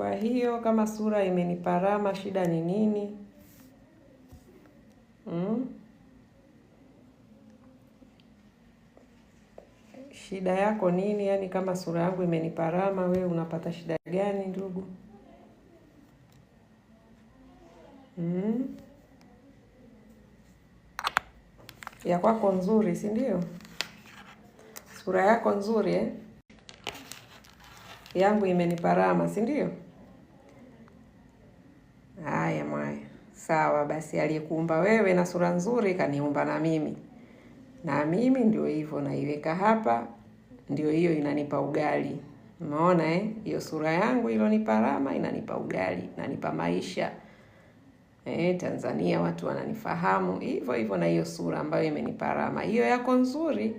Kwa hiyo kama sura imeniparama, shida ni nini? Mm? Shida yako nini? Yaani kama sura yangu imeniparama, wewe unapata shida gani ndugu? Mm? Ya kwako nzuri, si ndio? Sura yako nzuri eh? Yangu imeniparama, si ndio? sawa basi, aliyekuumba wewe na sura nzuri kaniumba na mimi, na mimi ndio hivyo naiweka hapa, ndio hiyo inanipa ugali. Umeona eh hiyo Sura yangu ilonipa rama inanipa ugali, inanipa maisha eh. Tanzania watu wananifahamu hivyo hivyo, na hiyo sura ambayo imenipa rama hiyo yako nzuri.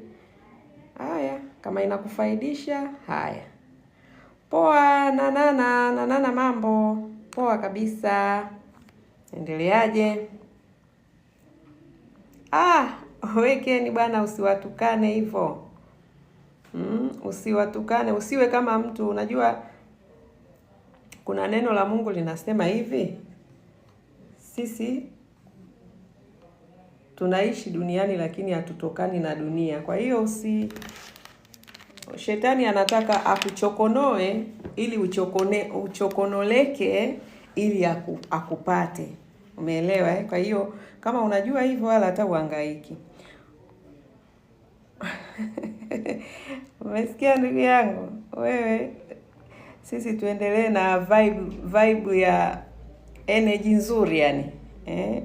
Haya, kama inakufaidisha haya, poa nanana nanana, mambo poa kabisa. Endeleaje? Ah, wekeni bwana, usiwatukane hivyo. Mm, usiwatukane, usiwe kama mtu. Unajua kuna neno la Mungu linasema hivi, sisi tunaishi duniani lakini hatutokani na dunia. Kwa hiyo usi shetani anataka akuchokonoe ili uchokone, uchokonoleke ili akupate. Umeelewa eh? Kwa hiyo kama unajua hivyo wala hata uhangaiki. Umesikia ndugu yangu? Wewe sisi tuendelee na vibe vibe ya energy nzuri yani. Eh?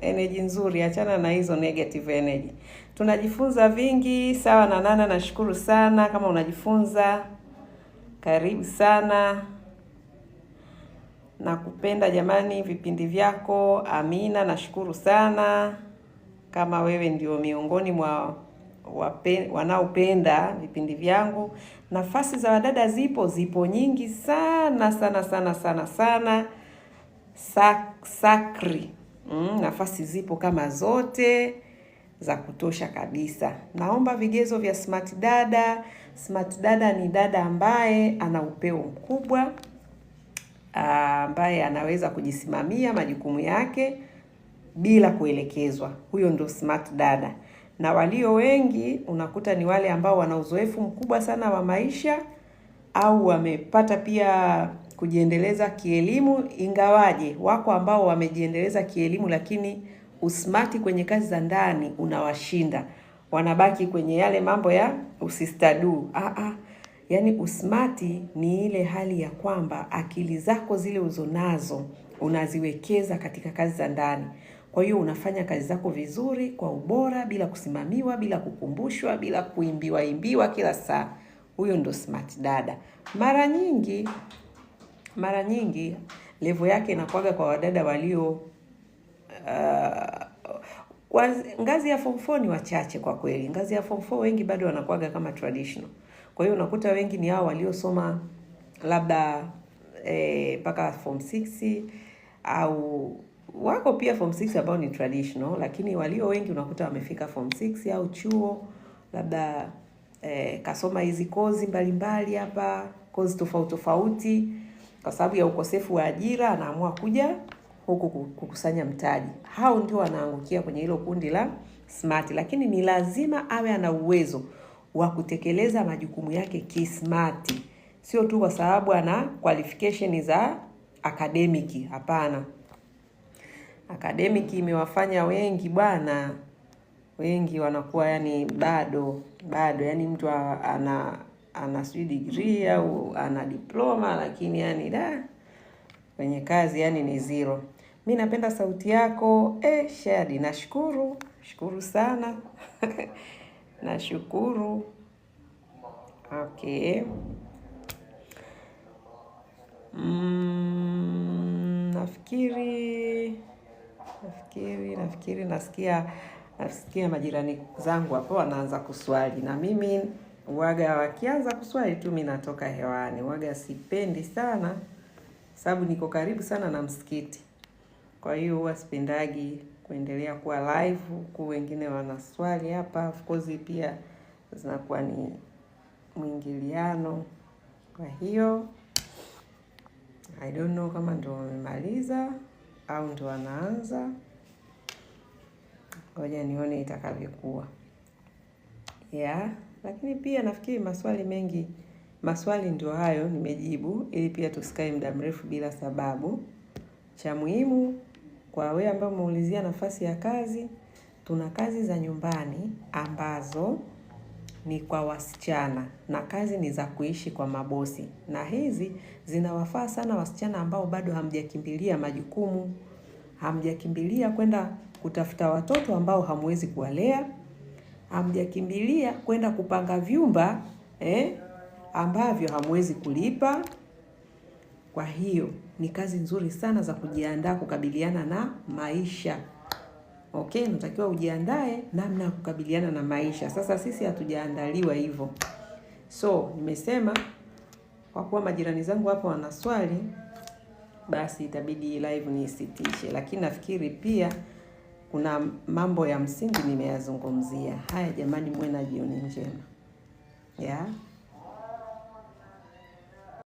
Energy nzuri, achana na hizo negative energy. Tunajifunza vingi sawa na nana, nashukuru sana kama unajifunza. Karibu sana na kupenda jamani, vipindi vyako. Amina, nashukuru sana kama wewe ndio miongoni mwa wanaopenda vipindi vyangu. Nafasi za wadada zipo, zipo nyingi sana sana sana sana sana. Sak, sakri mm, nafasi zipo kama zote za kutosha kabisa. Naomba vigezo vya smart dada. Smart dada ni dada ambaye ana upeo mkubwa Ah, ambaye anaweza kujisimamia majukumu yake bila kuelekezwa. Huyo ndo smart dada, na walio wengi unakuta ni wale ambao wana uzoefu mkubwa sana wa maisha au wamepata pia kujiendeleza kielimu, ingawaje wako ambao wamejiendeleza kielimu, lakini usmati kwenye kazi za ndani unawashinda, wanabaki kwenye yale mambo ya usistadu. Ah, ah. Yaani usmati ni ile hali ya kwamba akili zako zile uzonazo unaziwekeza katika kazi za ndani. Kwa hiyo unafanya kazi zako vizuri kwa ubora, bila kusimamiwa, bila kukumbushwa, bila kuimbiwa imbiwa kila saa. Huyo ndo smart dada. Mara nyingi mara nyingi levo yake inakuwaga kwa wadada walio uh, ngazi ya form 4 ni wachache kwa kweli. Ngazi ya form 4 wengi bado wanakuwaga kama traditional. Kwa hiyo unakuta wengi ni hao waliosoma labda eh, mpaka e, form 6 au wako pia form 6 ambao ni traditional, lakini walio wengi unakuta wamefika form 6 au chuo labda e, kasoma hizi kozi mbalimbali hapa, kozi tofauti tofauti. Kwa sababu ya ukosefu wa ajira, anaamua kuja huku kukusanya mtaji. Hao ndio wanaangukia kwenye hilo kundi la smart, lakini ni lazima awe ana uwezo wa kutekeleza majukumu yake kismati, sio tu kwa sababu ana qualification za academic. Hapana, academic imewafanya wengi bwana, wengi wanakuwa yani bado bado, yani mtu ana ana sijui degree au ana diploma, lakini yani da kwenye kazi yani ni zero. Mi napenda sauti yako eh, Shadi. Nashukuru, shukuru sana Nashukuru. Okay. Mm, nafikiri nafikiri nafikiri nasikia nasikia majirani zangu hapo wanaanza kuswali, na mimi waga wakianza kuswali tu mimi natoka hewani. Waga sipendi sana, sababu niko karibu sana na msikiti, kwa hiyo huwa sipendagi kuendelea kuwa live huku wengine wana swali hapa. Of course pia zinakuwa ni mwingiliano. Kwa hiyo I don't know kama ndo wamemaliza au ndo wanaanza. Ngoja nione itakavyokuwa. Yeah, lakini pia nafikiri maswali mengi, maswali ndio hayo nimejibu, ili pia tusikae muda mrefu bila sababu. Cha muhimu kwa wewe ambaye umeulizia nafasi ya kazi, tuna kazi za nyumbani ambazo ni kwa wasichana na kazi ni za kuishi kwa mabosi, na hizi zinawafaa sana wasichana ambao bado hamjakimbilia majukumu, hamjakimbilia kwenda kutafuta watoto ambao hamwezi kuwalea, hamjakimbilia kwenda kupanga vyumba eh, ambavyo hamwezi kulipa. Kwa hiyo ni kazi nzuri sana za kujiandaa kukabiliana na maisha. Okay, unatakiwa ujiandae namna ya kukabiliana na maisha. Sasa sisi hatujaandaliwa hivyo. So, nimesema kwa kuwa majirani zangu hapo wana swali, basi itabidi live niisitishe, lakini nafikiri pia kuna mambo ya msingi nimeyazungumzia. Haya jamani, mwe na jioni njema. Yeah.